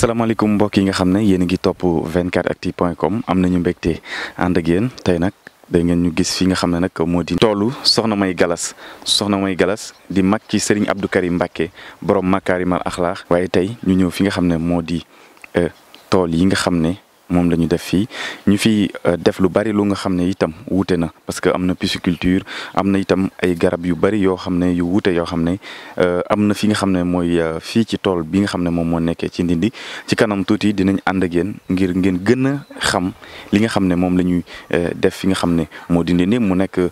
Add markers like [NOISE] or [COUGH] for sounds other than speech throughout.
salaamaaleykum mbokk yi nga xam ne yéen a ngi topp 24actu point com am na nañu mbégte ànd a yéen tey nag da ngeen ñu gis fi nga xam ne nag moo di toolu soxna May Galas soxna mooy Galas di mag ci Serigne Abdou Karim Mbacke borom makaarimal axlaax waaye tey ñu ñëw fi nga xam ne moo di euh, tool yi nga xam ne moom lañu def fii ñu fi euh, def lu bari lu nga xam ne itam wuute na parce que am na pisciculture am na itam ay garab yu bari yoo xam ne yu wuute yoo xam ne euh, am na fi nga xam ne mooy euh, fii ci tool bi nga xam ne moom moo nekkee ci Ndindi ci kanam tuuti dinañ ànd ak yéen ngir ngeen gën a xam li nga xam ne moom la ñuy def fi nga xam ne moo di Ndindi mu nekk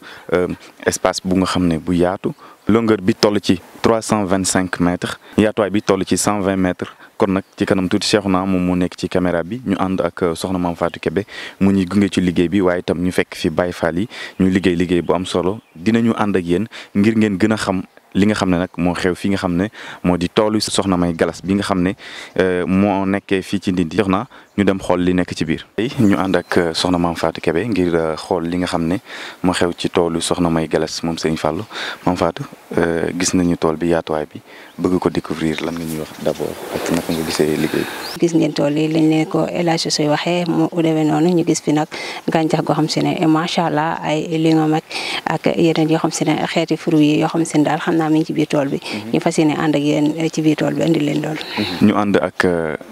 espace bu nga xam ne bu yaatu longeur bi toll ci trois cent vingt cinq mètres yaatuwaay bi toll ci cent vingt kon nag ci kanam tuuti Cheikhouna moom moo nekk ci caméra bi ñu ànd ak euh, soxna maam Fatou Kébé mu ñuy gunge ci liggéey bi waaye itam ñu fekk fi Baye Fall yi ñu liggéey liggéey bu am solo dinañu ànd ak yéen ngir ngeen gën a xam li nga xam ne nag moo xew fi nga xam ne moo di toolu soxna May Galas bi nga xam ne euh, moo nekkee fii ci Ndindi jox na ñu dem xool li nekk ci biir. ñu ànd ak euh, soxna maam Fatou Kébé ngir euh, xool li nga xam ne moo xew ci toolu soxna May Galas moom Serigne Fallou maam Fatou euh, gis nañu tool bi yaatuwaay bi bëgg ko découvrir lan nga ñuy wax d'abord ak naka nga gisee liggéey bi. gis ngeen tool yi leen ko élage suy waxee mu demee noonu ñu gis fi nag gàncax goo xam si ne macha allah ay lingom ak yeneen yoo xam si ne xeeti fruits yi yoo xam si ne daal xam naa mi ci biir tool bi. Mhm. ñu fas yéene ànd tool bi andi leen loolu. Mhm. ñu ànd ak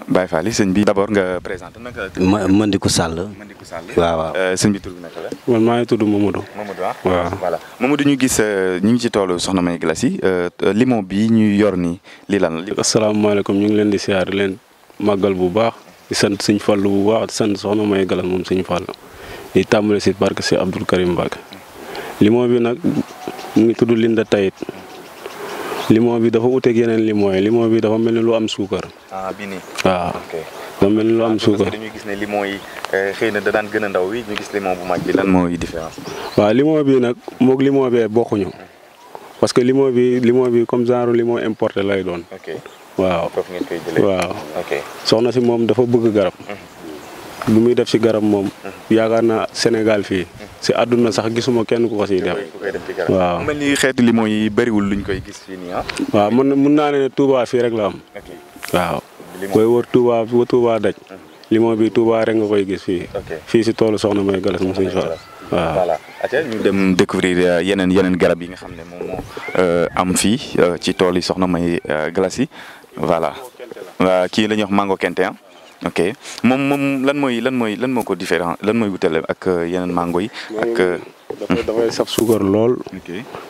Baye Fall sëñ bi d'abord nga présenté naka la. Mandikou Sall. Mandikou Sall waaw waaw. Euh, sëñ bi tur bi naka la. maa ngi tudd Mamadou. Mamadou ah waaw voilà Mamadou ñu gis euh, ñu ngi ci toolu Soxna May Glace yi euh, limon bi ñu yor nii lii lan la. asalaamaaleykum ñu ngi leen di siyaar leen màggal bu baax di sant sëñ Fallu bu baax di sant Soxna May Glace moom sëñ Fallu di tàmbale si barke si Abdoul Karim Mbacke limon bi nag mu ngi tudd Linda Tayit. limon bi dafa uteeg yeneen limon yi bi dafa mel ni lu am suukar. Ah, dafa mel ni lu gis ne limon yi euh, xëy na da gën ndaw wi ñu gis limon bu mag bi lan mooy différence. waaw limon bi nag moog limon bee bokkuñu parce que limon bi limon bi comme genre limon importé lay doon. waaw foofu ngeen soxna si moom dafa bëgg garab. bu mhm. muy def si garab moom. Mhm. yaakaar naa Sénégal fii. Mhm. si àdduna sax gisuma kenn ku ko siy def. waaw mel ni xeetu limon yi bëriwul ñu koy gis fii nii ah. waaw mën naa ne Touba fii rek la am. waaw. koy wër tuubaa ba tuubaa daj. Mhm. limon bi Touba rek nga koy gis fii. fii si toolu Soxna May Galas mu suñ fa waaw voilà dem découvrir euh, yeneen yeneen garab yi nga xam ne moom moo euh, am fii euh, ci tool yi Soxna May Galas voilà kii la ñuy wax mango kente ah ok moom moom lan mooy lan mooy lan moo ko différent lan mooy wutale ak yeneen mango yi ak dafay saf suukar lool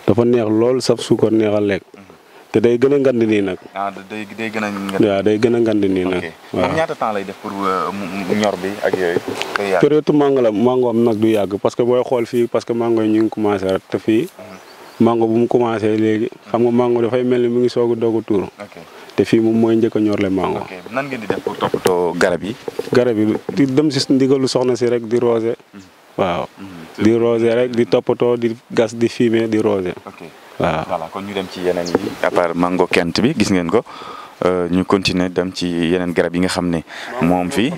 dafa neex lool saf suukar neex a lekk te day gën a ngand nii nag. ah day day gën day gën a ngand nii nag. waaw lay def pour euh, ñor bi ak yooyu. période mango la mango nag du yàgg parce que booy xool fii parce que mango yi ñu ngi commencé rek te fii. Mhm. mango bu mu commencé léegi xam nga mango dafay mel ni mu ngi soog a doog a tuur. te fii moom mooy njëkk a ñorle mango. nan ngeen di def pour garab yi. garab yi di dem si ndigalu soxna si rek di roose. Mhm. waaw mhm. di roose rek di toppatoo di gas di fumier di roose. waaw voilà kon ñu dem ci yeneen yi à mango kent bi gis ngeen ko euh, ñu continuer dem ci yeneen garab yi nga xam ne moom fii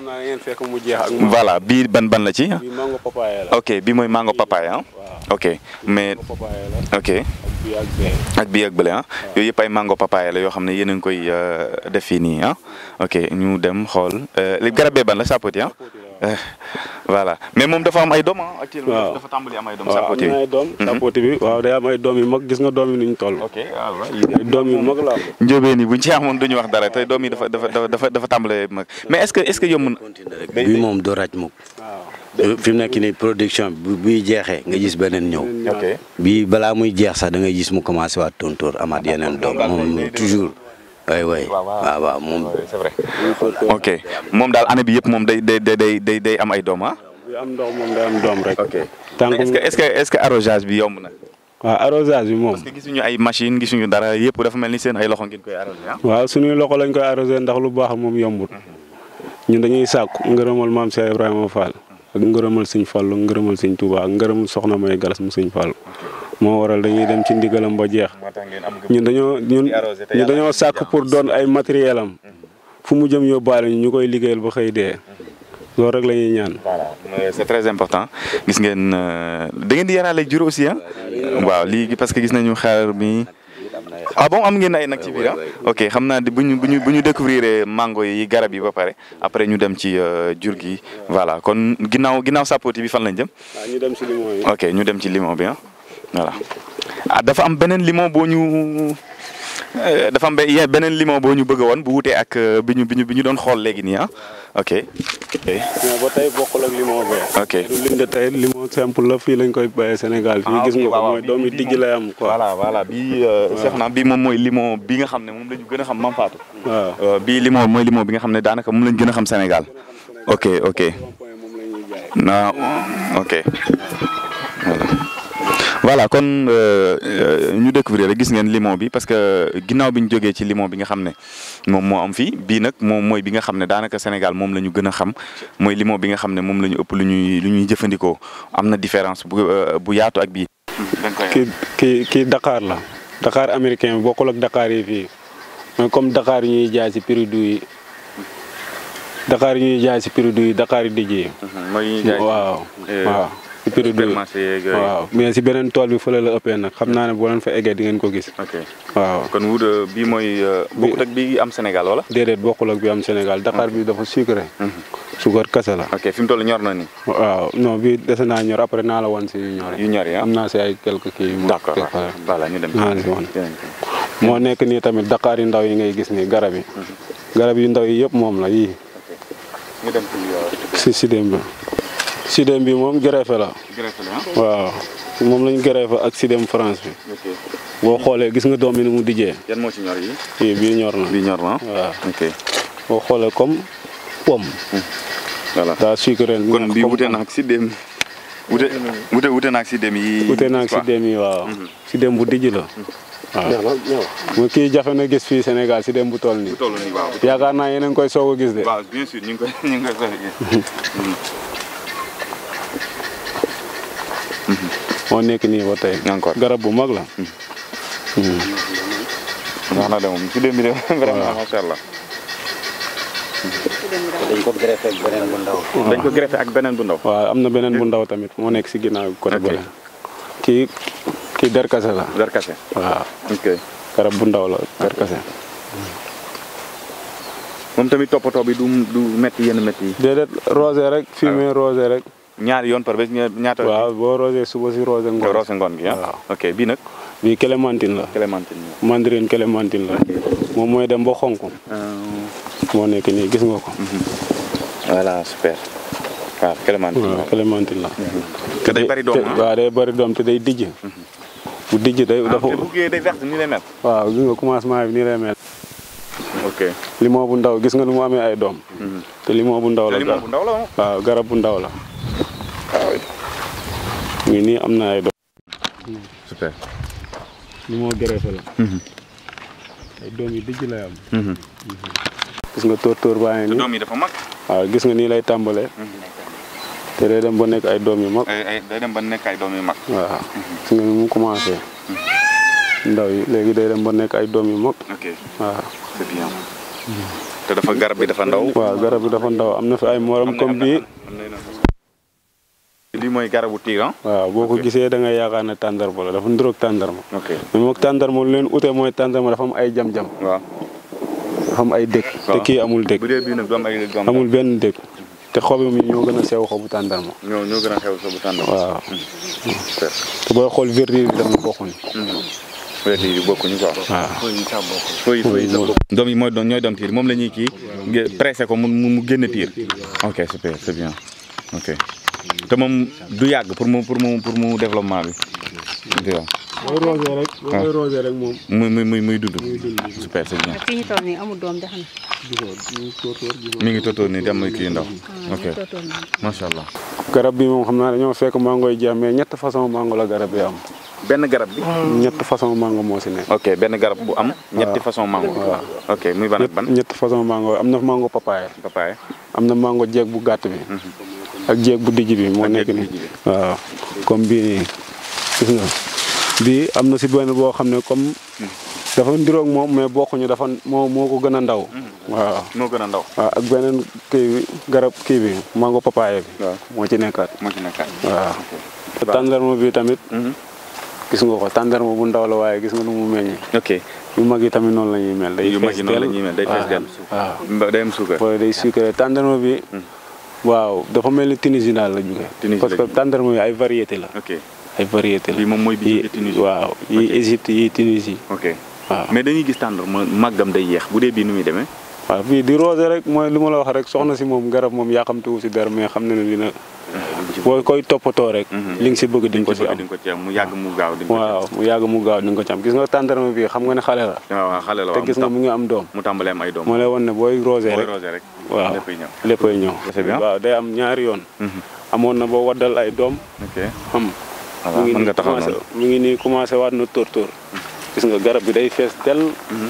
voilà bii ban ban la ci ok bii mooy mango papaye ah ok mais ok ak bii ak bële ah yooyu ay mango papaye la yoo xam ne yéen ngi koy euh, def fii nii ah ok ñu dem xool euh, li garab bee ban la sapoti ah Eh, voilà mais moom dafa am ay doom ah actuellement dafa tàmbali am ay doom. sapoti mhm. bi waaw am doom sapoti day am ay doom yu gis nga doom yi ñu toll. ok waaw ah, doom yu mag la. njóobeen yi buñ ci amoon duñu wax dara te doom yi dafa dafa dafa dafa tàmbalee mag mais est ce que est ce que yomb na. bi moom doo raj mukk. fi mu nekk nii production bi buy jeexee nga gis beneen ñëw. bi balaa muy jeex sax da ngay gis mu commencé waat tontóor amaat yeneen doom moom toujours. oui oui waaw waaw moom c'est vrai. ok moom daal année bi yëpp moom day day day day am ay doom ah? am ndox moom day doom rek. ok est-ce que est-ce que arrosage bi yomb na. waaw arrosage bi moom. gisuñu ay machine gisuñu dara yëpp dafa mel ni seen ay loxo ngeen koy arrosé ah. waaw suñuy lañ koy arrosé ndax lu baax moom yombul. ñun dañuy saaku ngërëmal maam Cheikh Ibrahima Fall. ak ngërëmal Sëñ Fallu ngërëmal Sëñ Tuubaa ak ngërëmal soxna May Galas mu Sëñ Fallu moo waral dañuy dem ci ndigalam ba jeex ñun dañoo ñun ñu dañoo sàkk pour doon ay matériel am mhm. fu mu jëm yóbbaale ñu ñu koy liggéeyal ba xëy dee mhm. loolu rek lañuy ñaan. voilà c'est important gis ngeen euh, da ngeen di yaraale jur aussi ah. waaw lii gi parce que gis nañu xaar bi ah bon am ngeen ay nag ci biir ah? ok xam naa bu ñu bu ñu bu ñu découvrir mango yi garab yi ba pare après ñu dem ci euh, jur gi voilà kon ginnaaw ginnaaw sapoti bi fan nañ jëm. Ah, ñu dem ci ok ñu dem ci limon bi ah. voilà ah, dafa am beneen limon boo ñu euh, dafa am beneen limon boo ñu bëgg woon bu wutee ak euh, bi ñu bi ñu ñu doon xool léegi nii ah ok. mais ba tey bokkul ak limon bee. ok du limon simple la fii lañ koy bayee Sénégal. fii ah, gis nga ko mooy doomi dijj lay am quoi. voilà bii. Euh, waaw naa bi moom mooy limon bi nga xam ne moom la ñu gën a xam Mame Fatou. waaw bii limon mooy limon bi nga xam ne daanaka moom la ñu gën a xam Sénégal. ok ok. non voilà kon euh, euh, ñu découvrir rek gis ngeen limon bi parce que ginnaaw bi ñu jógee ci limon bi nga xam ne moom moo am fii bii nag moom mooy bi nga xam ne daanaka Sénégal moom la ñu gën a xam mooy limon bi nga xam ne moom la ñu ëpp lu ñuy lu ñuy jëfandikoo am na différence bu euh, bu yaatu ak bii. kii kii kii la Dakar américain bi bokkul dakaar Dakar yi fii mooy comme dakaar yi ñuy jaay si prix du yi Dakar yi ñuy jaay si prix yi Dakar yi dijji. mooy waaw. ci waaw mais si beneen tool bi fële la ëppee nag xam naa ne boo leen fa eggee di ngeen ko gis waaw kon bi mooy euh, bokkut ak bi am Sénégal wala déedéet bokkul ak bi am Sénégal Dakar bi dafa sucré mhm. suukar kese la ok fi mu toll ñor na ni waaw bi dese naa ñor après naa la woon si yu yu ñor ah. am naa si ay quelques kii d'accord voilà ñu dem moo nekk nii tamit Dakar yu ndaw yi ngay gis nii garab yi mhm. garab yu ndaw yi yëpp moom la yii ñu dem euh, sidem bi moom greffé la. greffé la ah. waaw moom lañ greffé ak sidem France bi. boo xoolee gis nga doom bi ni mu dijjee. yan moo ci yi. kii ñor na bii ah. waaw. ok boo xoolee comme pomme. Hmm. voilà daa sucré bi. kon bii wute na ak sidem. wute wute wute ak sidem yi. wute na ak sidem yi waaw. Hmm. sidem bu dijj la. waaw mu kii jafe na gis fii Sénégal si dem bu toll nii. bu toll nii yaakaar naa yéen a koy soog a gis de. [LAUGHS] [LAUGHS] moo nekk nii ba tey. garab bu mag la. wax hmm. na bi de [LAUGHS] vraiment dañ ko greffé ak beneen bu ndaw. ko greffé ak beneen bu ndaw. waaw am na beneen bu ndaw tamit moo nekk ci ginnaaw côté bële. kii kii derkase la. derkase garab bu ndaw la derkase. moom tamit toppatoo bi du du métti yenn métti yi. déedéet rosé rek fumier ah. rosé rek. ñaari yoon par ñaata. waaw boo roosee suba si roose ngoon. roose ngoon ah? nag. bii clémentine la. clémentine la mandarine clémentine la. moom mooy dem ba xonk. Ah. moo nekk nii gis nga ko. Mhm. voilà super. waaw clémentine la waaw clémentine la. Mhm. te ah? day bari doom waaw day te day dijj. bu mhm. dijj day dafa te day verte nii lay mel. limon bu ndaw gis nga nu mu amee ay doom. te bu ndaw la. te limon bu ndaw la waaw garab bu ndaw la. waaw ngi nii am na ay doom super li moo gërëfe la mhm. ay doom yi dijj lay mhm. mhm. gis nga tóor tóor baa ngi nii doom dafa mag waaw gis nga nii lay tàmbalee te day dem ba nekk ay doom yu mag ba nekk ay doom yu mag waaw gis nga ni mu commencé ndaw yi léegi day dem ba nekk ay doom yu mag waaw te dafa garab yi dafa ndaw waaw garab bi dafa ndaw am na fi ay morom comme bii lii mooy garabu tiir ah? waaw boo ko gisee da yaakaar ne tàndarma la dafa nduroog tàndarma. ok mais moom tàndarma lu leen ute mooy tàndarma dafa am ay jam-jam. waaw dafa am ay dëkk. te amul dëkk. bu dee benn dëkk. te xob yi ñoo gën a sew xobu tàndarma. ñoo ñoo gën a sew hmm. booy xool verdir bi tamit bokkuñu. Hmm. feuilles yi doom yi mooy doon ñooy doom tiir moom lañuy kii pressé ko mu mu génn tiir. ok super c'est bien ok. te moom du yàgg pour mu pour mu pour mu développement bi. waaw booy rek. waaw booy ah. muy dund. super c'est bien. fi ñu toll nii amul doom mi ngi tóotóor nii dem kii ndaw. Ah, ah, ok macha allah. garab bi moom xam naa dañoo fekk mango yi jeex mais ñett façon mango la garab yi am. benn garab bi. ñetti façon mango moo si nekk. ok benn garab bu am. ñetti façon mango. waaw ok muy ban ñetti façon mango am na mango papaye. am na mango jeeg bu gàtt bi. Mhm. ak jéeg bu dijj bi moo nekk ni waaw comme bii nii gis nga bii am na si benn boo xam ne comme hmm. dafa ndiroog moom mais bokkuñu dafa moo moo ko gën a ndaw hmm. waaw moo gën a ndaw waaw ak beneen kii bi garab kii bi mango papaye bi moo ci nekkaat waaw tàndarma bi tamit hmm. gis nga ko tàndarma bu ndaw la waaye gis nga nu mu meññee yu mag yi tamit noonu la ñuy mel day fees del suukar tàndarma bi waaw dafa mel ni Tunisie daal la jógee. parce que tàndarma yi ay variété la. ok ay variété la moom mooy bi jógee Tunisie. waaw yii Égypte yii Tunisie. ok waaw mais dañuy gis ma màggam day yéex bu dee bii nu muy demee. waaw fii di rosé rek mooy lu ma la wax rek soxna si moom garab moom yàqamtuwu si dara mais xam na ne dina. boo koy toppatoo rek. Mhm. li nga si bëgg di ko si am di ko ci mu yàgg mu gaaw di nga ko ci am ko am gis nga tàndarma bi xam nga ne xale la. waaw gis nga mu ngi am doom. mu tàmbalee ay doom moo lay wan ne rosé rek waaw léppay ñëw waaw day am ñaari yoon. Mhm. amoon na boo waddal ay doom. ok xam nga ah, taxaw noonu mu ngi nii commencé waat na tóor tóor nga garab bi day fees dell mhm.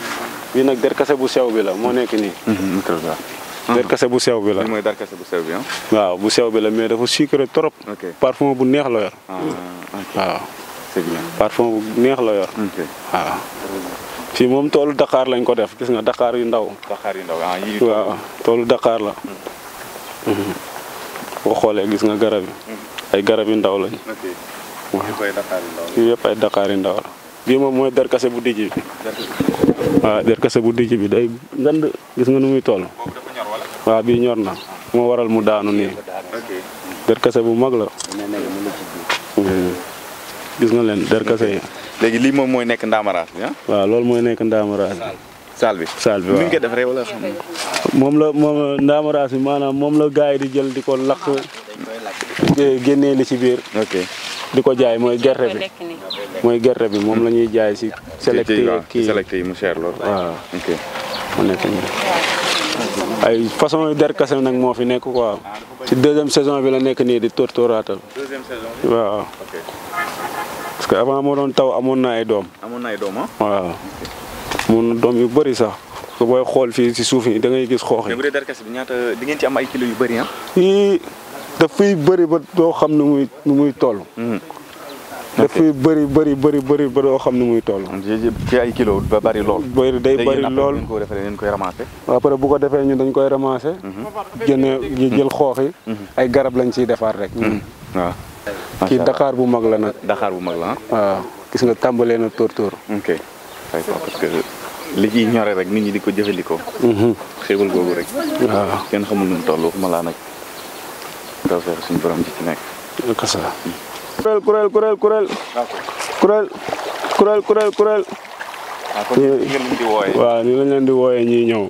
bii nag der kase bu sew bi la moo nekk nii. Mhm, mhm. der kase bu sew bi la. mooy der kase bu sew bi ah? waaw bu sew bi la mais dafa sucré trop. parfum bu neex la yor. Ah, waaw. c'est bu neex la yor. waaw. fii moom toolu Dakar lañ ko def gis nga Dakar yu ndaw. Dakar yu ndaw ah, waaw toolu Dakar la. Hmm. Mhm. boo xoolee gis nga garab yi. Hmm. ay garab yu ndaw lañ. ok yëpp ay Dakar yu ndaw la. bii moom mooy derkase bu dijj bi waaw derkase bu dijj bi day ngand gis nga nu muy tool waaw bii ñor na moo waral mu daanu nii derkase bu mag la hmm. gis nga leen derkase yi léegi lii moom mooy nekk ndaamaraas bi ah? loolu mooy nekk ndaamaraas bi saal bi saal bi waaw ñu koy moom la moom ndaamaraas bi maanaam moom la gars yi di jël di ko lakk génnee ci biir ok di ko jaay mooy gerte bi mooy gerte bi moom la ñuy jaay si. selecté yi kii selecté yi mu cher lool. waaw ok nekk nii ay façon der kase nag moo fi nekk quoi ci deuxième saison bi la nekk nii di tóor waaw. parce que avant moo doon taw amoon na ay doom. amoon na ay doom ah? yu bari sax. ko booy xool fii si suuf yi da ngay gis xoox yi. mais bi ñaata di ngeen ci am ay kilos yu bëri ah. dafay bëri ba doo xam nu muy nu muy toll. Mhm. dafay bëri bëri bëri bëri ba doo xam ni muy toll. ci ay kilo ba bëri lool. bëri day bëri lool après bu ko defee ñun dañ koy ramasser. génne mhm. ñu mhm. jël xoox mhm. ay garab lañ ciy defar rek. waaw. kii Dakar bu mag la nag. Dakar bu mag la ah. waaw gis nga tàmbalee na tóor tóor. ok parce que li ci ñore rek nit ñi di ko jëfandikoo. xéewal googu rek. waaw kenn xamul nu mu toll waxuma laa nag. tawfeex suñu borom ji ci nekk. kuréel kuréel kuréel kuréel. kuréel kuréel kuréel kuréel. ah kon ñu leen waaw ñu leen di wooyee ñuy ñëw.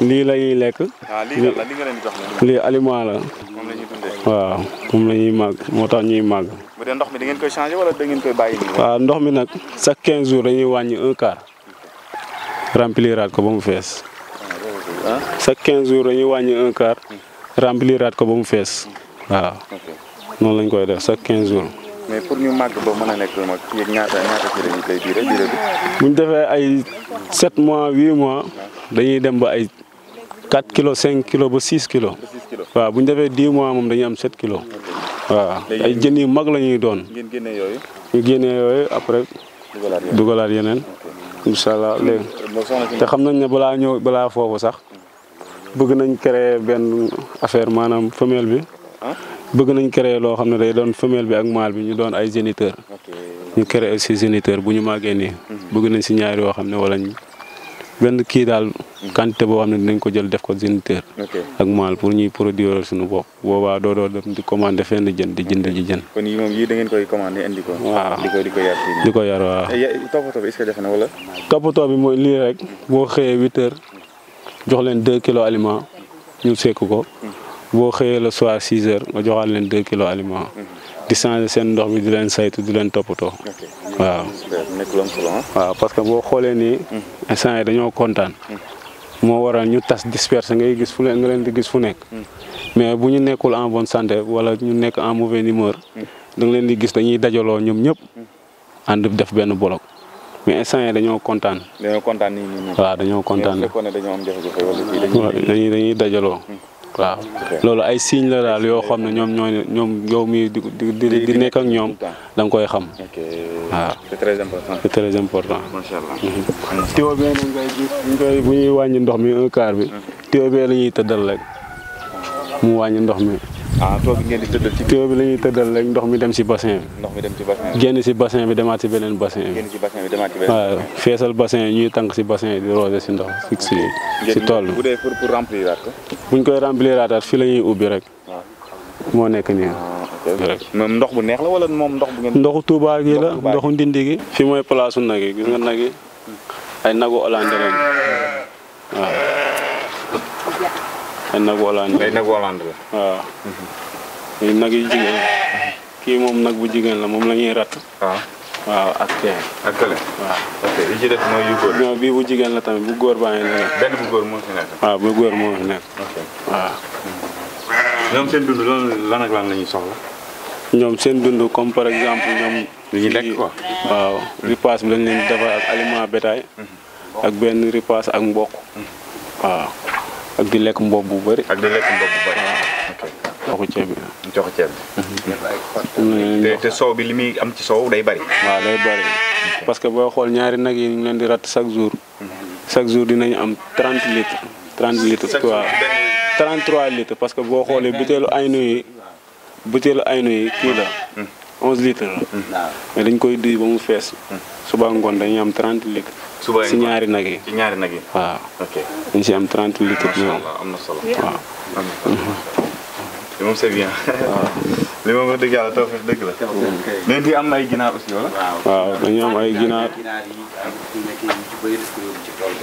lii la ñuy lekk. Ah, lii la li nga leen di jox lii aliment la. moom la ñuy dundee. waaw moom la ñuy màgg moo tax ñuy màgg. bu dee ndox mi da ngeen koy changé wala da ngeen koy bàyyi. waaw ndox mi nag chaque 15 jours dañuy wàññi un quart. rempliraat ko ba mu fees. Ah, chaque 15 jours dañuy wàññi un quart. Hmm. rempliraat ko ba mu fees hmm. waaw. noonu lañ koy def chaque quinze jours. mais pour ñu màgg ba mën nekk mag ñaata bu ñu defee ay 7 mois 8 mois dañuy dem ba ay 4 kilos cinq kilos ba 6 kilos. waaw bu ñu defee 10 mois moom dañuy am 7 kilos. waaw ay jën yu mag la ñuy doon. ngeen génne yooyu. ñu génne yooyu après. dugalaat yeneen incha allah léegi euh, te xam nañ ne balaa ñëw balaa foofu sax bëgg nañ créer benn affaire maanaam femelle bi. bëgg nañ créer loo xam ne day doon femelle bi ak mâle bi ñu doon ay géniteur ñu créer aussi géniteur bu ñu màggee nii. Mhm. bëgg nañ si ñaar yoo xam ne wala ñu benn kii daal mhm. quantité boo xam ne dinañ ko jël def ko géniteur ak mâle pour ñuy produire suñu bopp boobaa doo doo dem di commander fenn jën di jënd jën. kon yii moom yii da ngeen koy commander ko. waaw di ko di ko yar fii di ko yar waaw. Eh, toppatoo bi est bi mooy lii rek boo xëyee huit heures jox leen deux kilos aliment ñu sekk ko. Hmm. boo xëyee le soir 6 heures nga joxaat leen 2 kilo aliment mm-hmm. di seen ndox bi di leen saytu di leen toppatoo. waaw waaw parce que boo xoolee nii. Mm-hmm. instant yi dañoo kontaan. Mm-hmm. moo waral ñu tas disperse ngay gis fu leen nga leen di gis fu nekk. mais bu ñu nekkul en bonne santé wala ñu nekk en mauvaise humeur. da nga leen di gis dañuy dajaloo ñoom ñëpp. ànd def benn bloc. mais instant yi dañoo kontaan. dañoo kontaan nii waaw dañoo kontaan. dañoo dañuy dajaloo. waaw loolu ay signe la daal yoo xam ne ñoom ñoo ñoom yow mii di di nekk ak ñoom da koy xam. ok waaw c'est important. c'est mhm. bu ñuy wàññi ndox mi un quart bi. tuyau bee la tëddal rek mu wàññi ndox mi. ah tool bi ngeen tëddal ci biir. bi la ñuy tëddal rek ndox mi dem si bassin bi. ndox mi dem si bassin génn si bassin bi demaat si beneen bassin bi. génn si bassin bi waaw feesal bassin yi ñuy tànk si bassin yi di roose si ndox si si si tool bi. bu dee pour pour remplir ko. buñ koy remplir aat fii la ñuy ubbi rek. Ah. moo nekk nii. Ah, moom ndox bu neex la walla moom ndox bu ngeen. ndoxu Touba gi la ndoxu Ndindi gi. fi mooy place su nag yi gis nga nag yi hmm. ay nagu Hollande lañ ay nag walaan la waaw muy nag yu jigéen kii moom nag bu jigéen la moom la ñuy rat waaw ah. waaw ak kee ak ci def mooy bii bu jigéen la tamit bu góor baa ngi nekk benn bu góor waaw bu góor moo fi waaw ñoom seen dund lan lan ak seen dund comme par exemple ñoom li ñu lekk quoi waaw ripaas bi lañ leen defar ak aliment bétail mhm. ak benn ripaas ak mboq mhm. waaw ak di lekk mboob bu bëri. ak di lekk mboob bu bëri. bi. joxu ceeb bi. Mhm. te bi li muy am ci soow day bëri. waaw day bëri parce que boo xool ñaari nag yi ñu leen di rat chaque jour. Mhm. chaque jour dinañu am 30 litres. 30 litres waaw 33 litres parce que boo xoolee butéelu aynu yi butéelu aynu yi kii la. 11 mhm. litres mais dañ koy duy ba mu fees. suba ngoon dañuy am 30 litres. suba si ñaari nag yi ñaari nag yi. waaw. ok ñu si am 30 litres. macha na solo waaw. li [LAUGHS] yàlla taw fex la. léegi am ay ginaar aussi waaw am ay ginaar.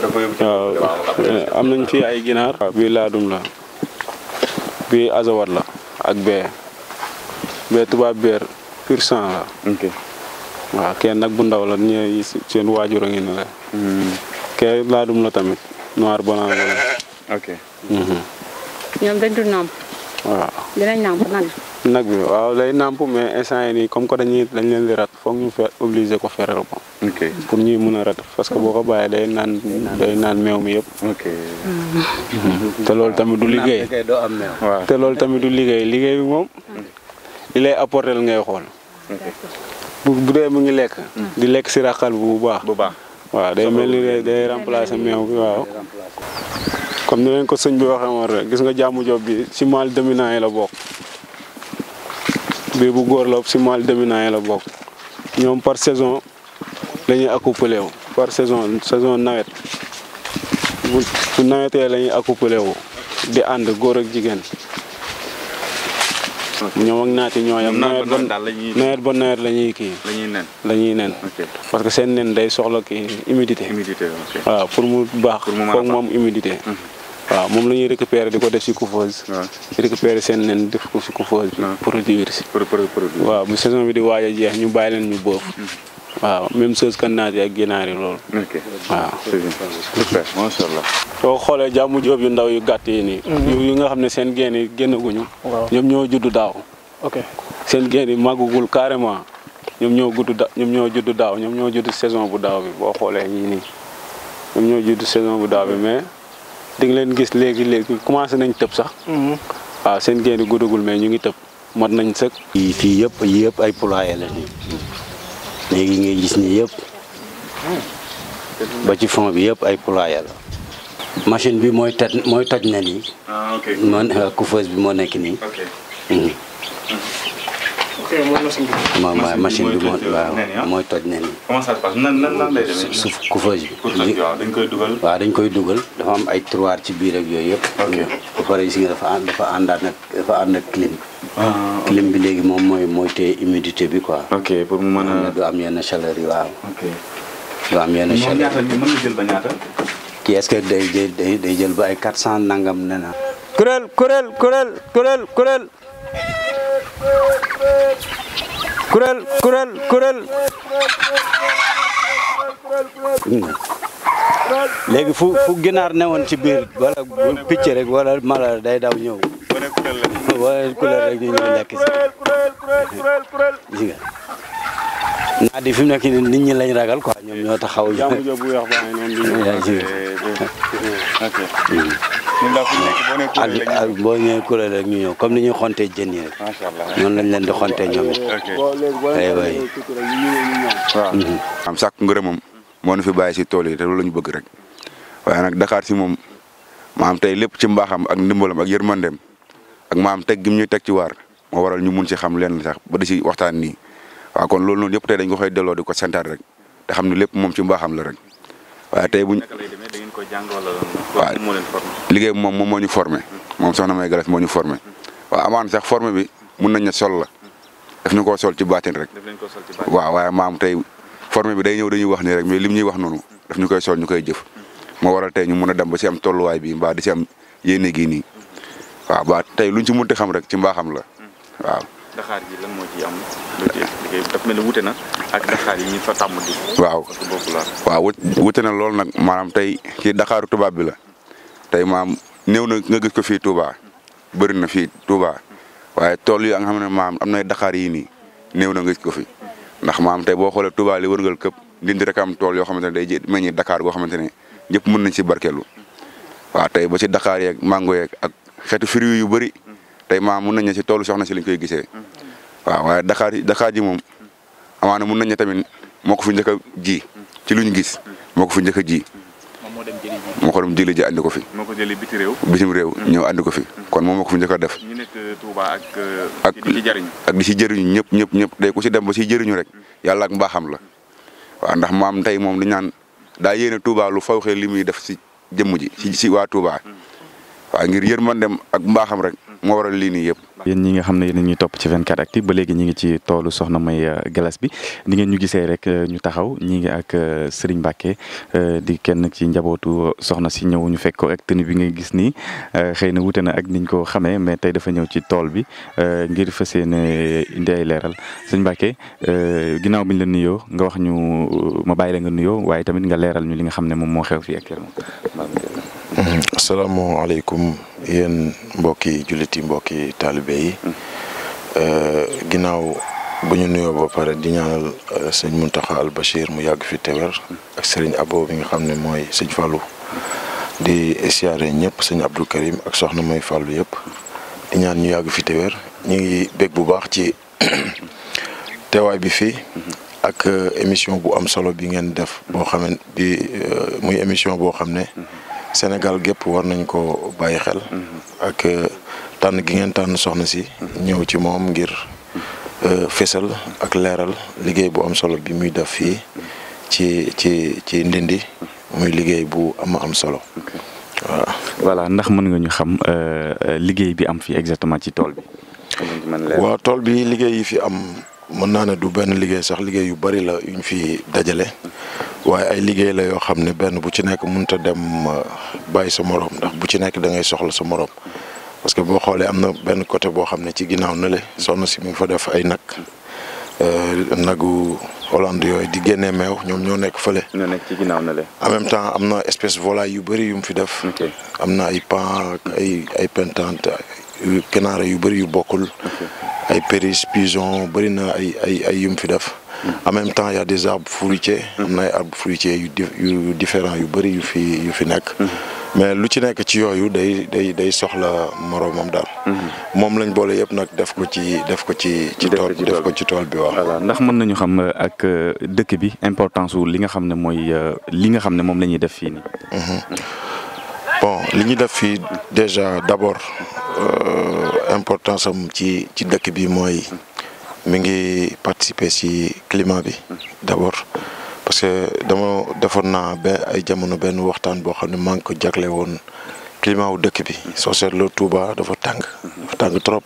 Eh, waaw am nañ fii ay ginaar. bii laadum la bii azawar la ak bee bee tubaab beer pur sang la. waaw kenn nag bu ndaw la ñëw seen waajur a ngi ne la. Hmm. kee laadum la tamit noir blanc la. ok. Mhm. ñoom dañ du nàmp. nag. bi waaw lay nàmp mais instant yi nii comme que dañuy dañ leen di rat foog ñu fe obligé ko feral ko. pour ñuy mun a rat parce que boo ko bàyyee day naan day meew mi yëpp. ok. Mhm. te loolu tamit du liggéey doo am te loolu tamit du liggéey liggéey bi moom. li lay apporter ngay xool. bu bu dee mu ngi lekk. Hmm. di lekk si raqal bu baax. bu baax waaw day mel ni day remplacer meew bi waaw. comme ni leen ko sëñ bi waxee woon rek gis nga jàmmu job bi si mal dominant yi la bokk. bii bu góor la si mal dominant yi la bokk ñoom par saison lañuy ñuy accouplé wu par saison saison nawet bu bu nawetee lañuy ñuy accouplé di ànd góor ak jigéen. ñoom ak naati ñoo yam nawet ba nawet ba nawet la ñuy kii la ñuy nen parce que seen nen day soxla kii humidité waaw pour mu baax foog moom humidité mhm. waaw moom la ñuy récupérer di ko def si couveuse di récupérer seen nen def ko si couveuse bi produire si waaw bu saison bi di waaj a jeex ñu bàyyi leen ñu boof waaw même chose que naat yi ak ginaar yi loolu. waaw. soo xoolee jàmmu jóob yu ndaw yu gàtt yi nii. Mhm. yu nga xam ne seen génn yi génnaguñu. ñoom ñoo judd daaw. ok seen génn yi màggugul carrément ñoom ñoo gudd ñoom ñoo judd daaw ñoom ñoo judd saison bu daaw bi boo xoolee ñii nii ñoom ñoo judd saison bu daaw bi mais di leen gis léegi léegi commencé nañ tëb sax. Mhm. waaw seen génn guddugul mais ñu ngi tëb mot nañ sëkk. fii fii yëpp yëpp ay poulailler la léegi ngay gis ni yépp ba ci fond bi yëpp ay poulailler la machine bi mooy toj na ni ah, man euh, bi moo nekk nii mhm. moom waaw machine bi moo mooy toj na nii comment ça se passe nan suuf couveuse bi waaw dañ koy dugal waaw dañ koy dugal dafa am ay tiroir ci biir ak yooyu yëpp mhm. ba pare gis nga dafa ànd dafa ànd ak clim Ah, clim bi léegi moom mooy mooy téye humidité bi quoi. ok pour mu mën a du am yenn chaleur yi waaw. ok am yenn chaleur yi moom ñaata mën na day day jël ba ay 400 nangam nee na. kuréel kuréel kuréel kuréel kuréel. kuréel kuréel kuréel. léegi fu fu ginaar newoon ci biir wala picc rek wala mala day daw ñëw. waaye kuréel rek ñu ñoo nekk si gis nga fi mu nekk nit ñi lañ ragal quoi ñoom ñoo taxaw. jàmm jooju bu weex baaxee noonu. [LAUGHS] ok. Hmm. ñun daal fi mu nekk boo nee kuréel rek ñu ñëw comme ni ñuy xontee jën yi rek. macha allah leen di xontee ñoom it. ok moo ñu fi bàyyi si tool yi te la ñu bëgg rek waaye nag Dakar si moom maanaam tey lépp ci mbaaxam ak ndimbalam ak yërmandeem maam teg gim ñu teg ci waar moo waral ñu mun ci xam leen sax ba di si waxtaan nii waaw kon loolu noonu yëpp tey dañ ko koy delloo di ko santaat rek te xam ne lépp moom ci xam la rek waaye tey buñ. naka lay da ngeen ko jàng wala waaw moo leen formé. liggéey moom moom moo ñu formé moom soxna May Galas moo ñu formé waaw amaan sax formé bi mun nañ na sol la daf ñu koo sol ci baatin rek. daf leen koo sol ci baatin waaw waaye maam tey formé bi day ñëw dañuy wax nii rek mais lim ñuy wax noonu daf ñu koy sol ñu koy jëf moo waral tey ñu mun a dem ba si tolluwaay bi mbaa di si am gii nii waaw tey luñ ci munti xam rek ci mbaaxam la waaw. moo ciy am. liggéey dafa na yi ñu fa tàmm di. waaw parce que boobu na loolu nag maanaam tey kii daxaaru tubaab bi la tey maam néew na nga gis ko fii Touba bëri na fii Touba waaye tool yi nga xam ne maam am na daxaar yii nii néew na nga gis ko fi ndax maam tey boo xoolee Touba li wërngal këpp dindi rek am tool yoo xam ne day ji meññi Dakar goo xamante ne ñëpp mën na ci barkeelu waaw tey boo ci dakaar yeeg mango yeeg ak. xeetu fruits yu bari tey maa mun nañ ne si toolu soxna si lañ koy gisee waaw waaye daxaar daxaar ji moom amaana mun nañ ne tamit moo ko fi njëkk a ji ci luñ gis moo ko fi njëkk ji. moo ko dem jëli ji andi ko fi. moo ko jëli biti réew. bitim réew mm. ñëw andi ko fi. Mm. kon moom moo ko def. ñu nekk Touba ak. ak euh, di ci ak di ci jëriñu ñëpp ñëpp ñëpp day ku si dem ba si jëriñu rek yàlla ak mbaxam la waaw ndax maam tey moom di ñaan daa yéene Touba lu faw xe li muy def si jëmm ji si si waaw ngir dem ak mbaaxam rek moo waral lii nii yëpp. yéen ñi nga xam ne yéen ñuy topp ci 24 actu ba léegi ñi ngi ci toolu soxna May euh, Galas bi ni ngeen ñu gisee rek euh, ñu taxaw ñi ngi ak euh, Serigne Mbacke di kenn ci njabootu soxna si ñëw ñu fekk ko ak bi nga gis nii xëy na wute na ak niñ ko xamee mais tey dafa ñëw ci tool bi ngir fas yéene indi ay leeral Serigne Mbacke ginnaaw bi ñu la nuyoo nga wax ñu ma bàyyi la nga nuyoo waaye tamit nga leeral ñu li nga xam ne moom moo xew fii actuellement. Mm-hmm. asalaamaaleykum yéen mbokki jullit yi mbokki taalibe yi. Uh, ginnaaw bu ñu nuyoo ba pare di ñaanal uh, sëñ Mountakha Al mu yàgg fi tewer ak sëriñ Abo bi nga xam ne mooy sëñ Fallou di siyaare ñëpp sëñ Abdou Karim ak soxna mooy Fallou yëpp di ñaan ñu yàgg fi tewer ñu ngi bég bu baax ci [COUGHS] teewaay bi fii. ak uh, émission bu am solo bi ngeen def boo xam ne bi muy émission boo xam ne. Sénégal gépp war nañ ko bàyyi xel. Mm-hmm. ak euh, tànn gi ngeen tànn soxna si. Mm-hmm. ñëw ci moom ngir mm-hmm. euh, fésal ak leeral liggéey bu am solo bi muy def fii ci ci ci Ndindi muy liggéey bu am am solo. voilà voilà ndax mën nga ñu xam euh, liggéey bi am fi exactement ci tool bi. waaw tool bi liggéey yi fi am mën naa ne du benn liggéey sax liggéey yu bari la yuñ fi dajale. waaye ay liggéey la yoo xam ne benn bu ci nekk mënut a dem euh, bàyyi sa morom ndax bu ci nekk da ngay soxla sa morom parce que boo xoolee am na benn côté boo xam ne ci ginnaaw na le soxna si mi fa def ay nag euh, nagu Hollande yooyu di génnee meew ñoom ñoo nekk fële. ñoo nekk ci ginnaaw na le en même temps am na espèce volaille yu bëri yu mu fi def. am na ay pan ay ay pentante canaris yu bëri yu bokkul. ay péris pigeon bëri na ay ay ay yu mu fi def. en même temps y a des arbres fruitiers. Mm-hmm. am yu yu différents yu bëri yu fi yu fi nekk. Mm-hmm. mais lu ci nekk ci yooyu day day day soxla moroomam daal. Mm-hmm. moom lañ boole yëpp nag def ko ci def ko ci. ci tool ci tool bi waaw. ndax mën nañu xam euh, ak euh, dëkk bi importance wu li nga xam ne mooy euh, li nga xam ne moom la ñuy def fii nii. bon li ñu def fii déjà d'abord importance am ci ci dëkk bi mooy. mi ngi participer ci climat bi d'abord parce que dama defoon naa ba ay jamono benn waxtaan boo xam ne maa ngi ko jagle woon climat wu dëkk bi soo seetloo Touba dafa tàng tàng trop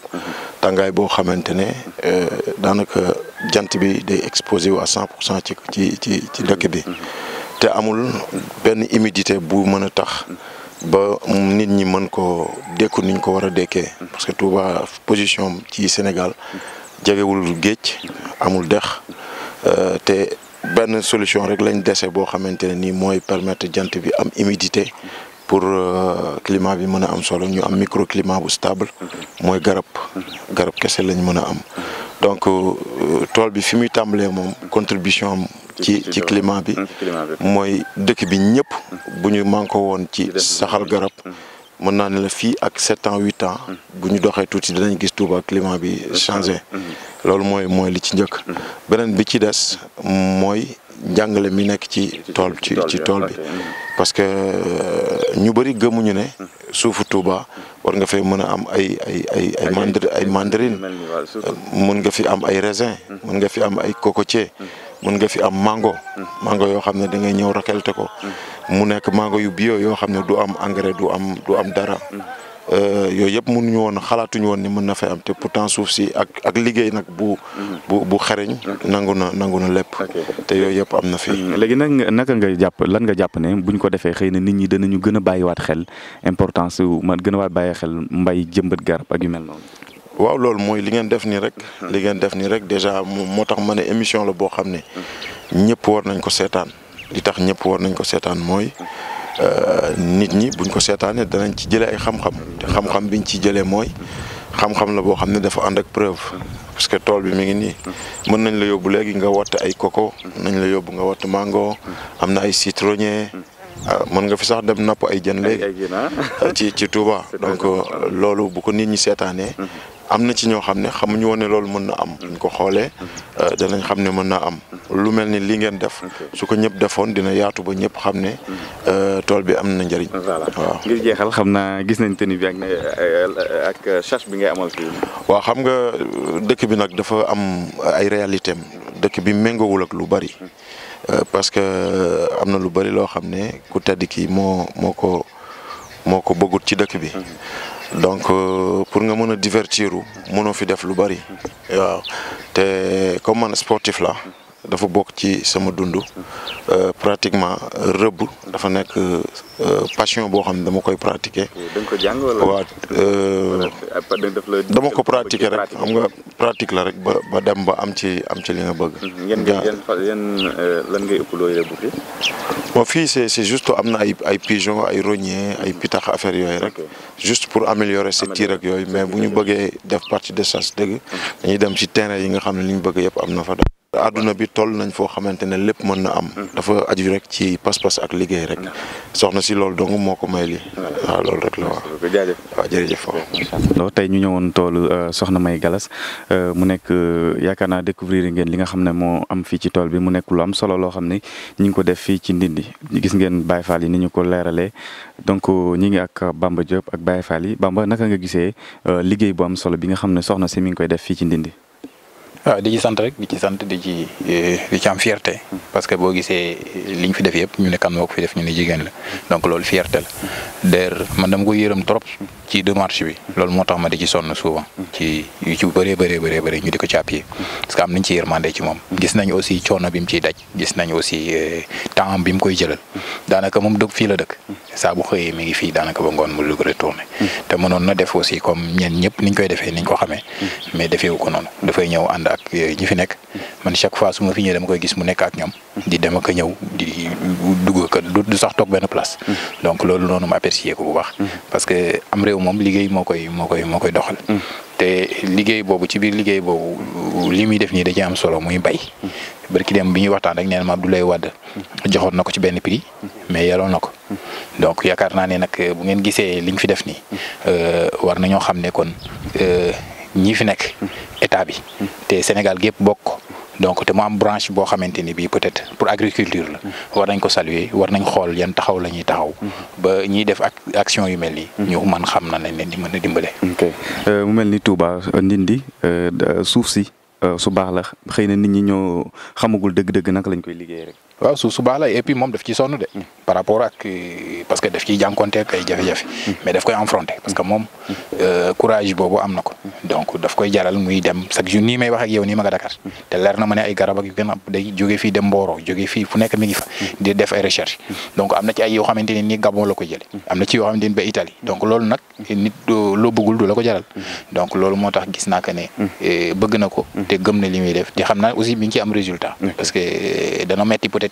tàngaay boo xamante ne euh, daanaka jant bi day exposé waa à cent ci ci ci ci dëkk bi te amul benn humidité bu mën a tax ba nit ñi mën ko dékku niñ ko war a dékkee parce que Touba position ci Sénégal jegewul géej amul dex euh, te benn solution rek lañ dese boo xamante ne nii mooy permettre jant bi am humidité pour euh, climat bi mën a am solo ñu am microclimat bu stable mooy garab garab kese lañ mën a am donc euh, tool bi fi muy tàmbalee moom contribution ci ci climat bi mooy dëkk bi ñëpp bu ñu manko woon ci saxal garab mmh. mën naa ne la fii ak sept ans huit ans. Mm. bu ñu doxee tuuti dinañ gis Touba climat bi mm. changé. Mm. loolu mooy mooy li ci njëkk. beneen bi ci des mooy njàngale mi nekk ci tool ci ci tool bi. parce que euh, ñu bëri gëmuñu ne. suufu Touba war nga fee mën a am ay ay ay ay mandri ay mandarine. Euh, mën nga fi am ay raisin. mën nga fi am ay cocotier. mën nga fi am mango. mango yoo xam ne da ngay ñëw récolter ko. mu nekk mango yu bio yoo xam ne du am engrais du am du am dara euh, yooyu yëpp mënuñu woon xalaatuñu woon ni mën na fa am te pourtant souf si ak ak liggéey nag bu bu bu xereñ nangu na nangu na lépp te yooyu yëpp am na fi mm. léegi nag naka nga jàpp lan nga jàpp ne buñ ko defee xëy na nit ñi danañu gën a waat xel importance man gën a waat bàyyi xel mbay jëmbat garab ak yu mel noonu waaw loolu mooy li ngeen def nii rek mm-hmm. li ngeen def nii rek déjà moo tax ma ne émission la boo xam ne mm-hmm. ñëpp war nañ ko seetaan li tax ñëpp war nañ ko seetaan mooy euh, nit ñi buñ ko seetaanee danañ ci jëlee ay xam-xam te xam biñ ci jëlee mooy xam-xam la boo xam ne dafa ànd ak preuve parce que tool bi mi ngi nii mën nañ la yóbbu léegi nga watt ay coco nañ la yóbbu nga watt mango am na ay citronnier ah, mën nga fi sax dem napp ay jën léegi ah. [LAUGHS] ci ci Touba donc loolu bu ko nit ñi seetaanee mm-hmm. am na ci ñoo xam ne xamuñu woon ne loolu mën na am. buñ ko xoolee euh, danañ xam ne mën naa am. lu mel ni lii ngeen def. su ko ñëpp defoon dina yaatu ba ñëpp xam ne. Mm-hmm. Euh, tool bi am na njëriñ. jeexal xam naa gis nañ tenue bi ak euh, ak charge bi ngay amal fii. waaw xam nga dëkk bi nag dafa am ay réalité dëkk bi méngoowul ak lu bari. Mm-hmm. parce que am na lu bari loo xam ne ku tedd kii moo moo ko moo ko bëggut ci dëkk bi. Mm-hmm. donc euh, pour nga mën a divertir mënoo fi def lu bari. waaw te comme man sportif la dafa bokk ci sama dund euh, pratiquement rëbb dafa nekk. Euh, passion boo xam ne dama koy pratiquer. da nga ko jàng wala. waaw euh, euh, dama ko pratiquer rek xam nga pratique la rek ba ba dem ba am ci am ci li nga bëgg. Mhm, yan lan ngay ëpp looy yóbbu fii. bon fii c'est c'est juste am na ay ay pigeon ay rognier ay pitax affaire yooyu rek juste pour améliorer sa tir ak yooyu mais bu ñu bëggee def partie de chasse dëgg dañuy dem ci terrain yi nga xam ne li ñu bëgg yëpp am na fa. àdduna bi toll nañ foo xamante ne lépp mën na am. Mhm. dafa aju rek ci pas-pas ak liggéey rek mhm. soxna si loolu dong moo ko may lii. waaw loolu rek la waaw. jaajëf tey ñu ñëwoon toolu euh, soxna May Galas euh, mu nekk euh, yaakaar naa découvrir ngeen li nga xam ne moo am fii ci tool bi mu nekk lu am solo loo xam ne ñu ko def fii ci Ndindi ñu gis ngeen Baye Fall yi ni ñu ko leeralee donc ñu ngi ak Bamba Diop ak Baye Fall yi Bamba naka nga gisee liggéey bu am solo bi nga xam ne soxna si mi ngi koy def fii ci Ndindi. waaw ah, di ci sant rek di ci sant di ci eh, di ci am fierté parce que boo gisee eh, liñ fi def yëpp ñu ne kan moo ko fi def ñu ne jigéen la donc loolu fierté la der man dama ko yërëm trop ci démarche bi loolu moo tax ma di ci sonn souvent ci yu ci bëree bëree bëree bëri ñu di ko ci appuyer parce que am nañ aussi coono bi mu ciy daj gis euh, daanaka moom dëkk fii la dëkk saa bu xëyee mi ngi fii daanaka ba ngoon mu lu retourné te mënoon na def aussi comme ñeen ñëpp niñ koy defee niñ ko xamee mais defeewu ko noonu dafay ñëw ànd ak euh, ñi fi nekk man chaque fois su fi ñëwee dama koy gis mu nekk ak ñoom di dem ak ñëw di dugg ak du sax toog benn place donc loolu noonu ma ko bu baax parce que am réew moom liggéey moo koy moo koy moo koy doxal. Mm. te liggéey boobu ci biir liggéey boobu li muy def nii da am solo muy bay. Mm. barki dem bi ñuy waxtaan rek nee na ma Abdoulaye Wade mm. joxoon na ko ci benn prix mais yaloon na ko donc yaakaar naa ne nag euh, bu ngeen gisee liñ fi def nii euh, war nañoo xam ne kon euh, ñi fi nekk état bi te Sénégal gépp bokk. donc te mu am branche boo xamante ni bii peut-être pour agriculture la. Mm-hmm. war nañ ko saluer war nañ xool yan taxaw la ñuy taxaw. Mm-hmm. ba ñiy def ak action yu mel ni mm-hmm. ñu man xam na ne leen di mën a dimbale. ok euh, mu mel ni Touba euh, Ndindi euh, suuf si su baax la xëy na nit ñi ñoo xamagul dëgg-dëgg naka lañ koy liggéey rek. waaw suuf su baax la et puis moom daf ciy sonn de. Mm. par rapport ak parce que daf ciy jànkuwanteeg ay jafe-jafe. Mm. mais daf koy affronter parce que moom mm. euh, courage boobu am na ko. donc daf koy jaral muy dem chaque jour ni may wax ak yow nii Dakar. te leer na ma ne ay garab ak yu gën a day jóge fii dem Mboro jóge fii fu nekk mi ngi fa. di def ay recherche. donc am na ay yoo xamante ne nii Gabon la ko jëlee. am na ne ba Italie donc loolu nag. nit loo bëggul du la ko donc loolu moo tax gis naa que ne. Eh, bëg na ko. te gëm na li muy def te xam naa aussi mi ngi ciy am résultat. parce que eh,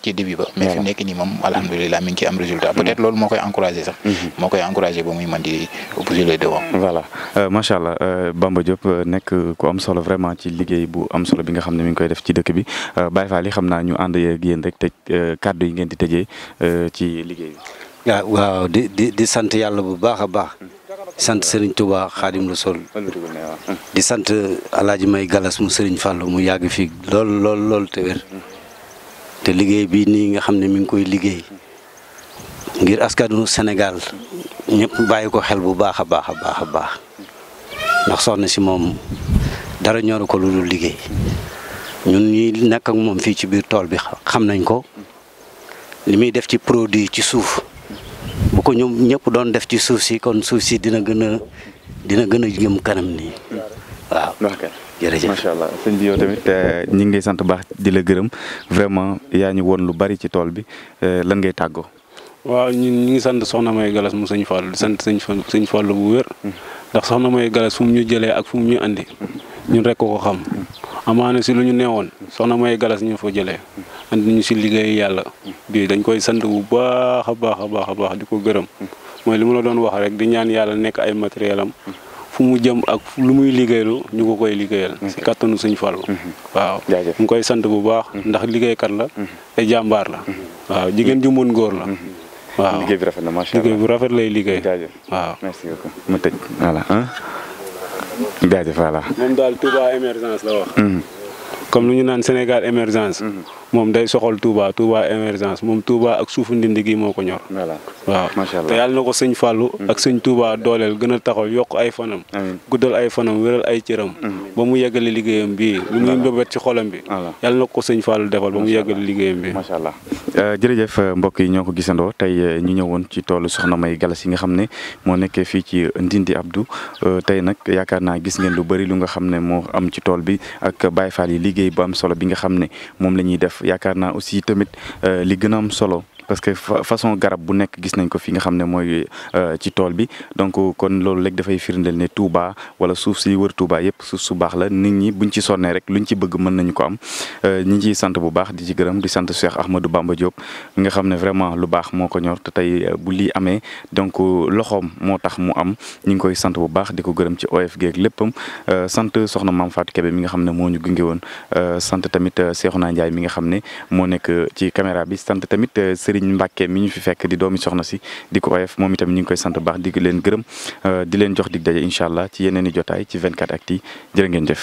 ci début ba mais mu nekk nii moom alhamdulilah mi ngi ci am résultat mm-hmm. peut-être loolu moo koy encouragé sax mm-hmm. moo koy encouragé ba muy mën di pousser les devants euh, macha allah euh, Bamba Diop euh, nekk ku am solo vraiment ci liggéey bu am solo bi nga xam ne mi ngi koy def ci dëkk bi Baye Fall yi xam naa ñu ànd ak yéen rek tëj kàddu yi ngeen di tëjee ci liggéey bi waaw di di di sant yàlla bu baax a baax sant Serigne Touba Xaadim sol di sant Alaaji May Galas mu Serigne Fàllu mu yàgg fii lool lool te wér te liggéey bi nii nga xam ne mi ngi koy liggéey ngir askanu senegal ñëpp bàyyi ko xel bu baax a baax a baax a baax ndax soxna si moom dara ñoru ko lu dul liggéey ñun ñi nekk moom fii ci biir tool bi xam nañ ko li muy def ci produit ci suuf bu ko ñoom ñëpp doon def ci suuf si kon suuf si dina gën a dina gën a jëm kanam nii waaw jërëjëf macha allah sëñ bi yow tamit euh, ñi ngi sant baax di la gërëm vraiment yaa ñu woon lu bari ci tool bi euh, lan ngay tàggoo. waaw ñun ñu ngi sant soxna May Galas mu sëñ Fall di sant sëñ Fall sëñ Fall bu wér hmm. ndax soxna May Galas fu mu ñu jëlee ak fu mu ñu andi ñun rek ko xam hmm. amaana si lu ñu neewoon soxna mooy Galas ñu fa jëlee hmm. andi ñu si liggéey yàlla bii dañ koy sant bu baax a baax a baax a baax di ko gërëm mooy li mu la doon wax rek di ñaan yàlla nekk ay matériel am. fu mu jëm ak lu muy liggéeylu ñu ko koy liggéeyal si mhm. kàttanu suñ Fallu mhm. waaw mu ngi koy sant bu baax mhm. ndax liggéeykat la te jàmbaar la waaw jigéen ju mën góor la waaw liggéey bi na macha bu rafet lay liggéey waaw merci beaucoup mu tëj voilà jaajëf voilà moom daal Touba émergence la wax comme lu ñu naan Sénégal émergence. Mhm. moom day soxal Touba Touba émergence moom Touba ak suufu ndindi gi moo ko ñor. voilà macha allah waaw te yàlla na ko sëñ Fallou. Mhm. ak sëñ Touba dooleel gën a taxaw yokk ay fanam. guddal ay fanam wéral ay cëram. Mhm. ba mu yeggalee liggéeyam bii. lu muy ci xolam bi. yàlla na ko sëñ Fallou defal ba mu yeggale liggéeyam macha allah euh, jërëjëf euh, mbokk yi ñoo ko gisandoo tey euh, ñu ñëwoon ci toolu Soxna May Galas yi nga xam ne moo nekkee fii ci Ndindi Abdou tey nag yaakaar naa gis ngeen lu bari lu nga xam ne moo am ci tool bi ak Baye Fall yi liggéey bu am solo bi nga xam ne moom la ñuy def yaakaar naa aussi tamit euh, li gën a am solo parce que façon garab bu nekk gis nañ ko fi nga xam ne mooy euh, ci tool bi donc kon loolu léegi dafay firndeel ne Touba wala suuf si wër Touba yëpp suuf su baax la nit ñi buñ ci sonnee rek lu ñu ci bëgg mën nañu ko am euh, ñi sant bu baax di ci gërëm di sant Cheikh Ahmadou Bamba Diop nga xam ne vraiment lu baax moo ko ñor te tey euh, bu lii amee donc loxoom moo tax mu am ñu ngi koy sant bu baax di ko gërëm ci OFG ak léppam sant soxna Mame Fatou Kébé mi nga xam ne moo ñu gunge woon sant tamit Cheikhouna Ndiaye mi nga xam ne moo nekk ci caméra bi sant tamit Serigne Mbacke mi ñu fi fekk di doomi soxna si di ko oyof moom itam ñu ngi koy sant baax di leen gërëm di leen jox dig daje incha allah ci yeneen i jotaay ci 24 ak yi jërë ngeen jëf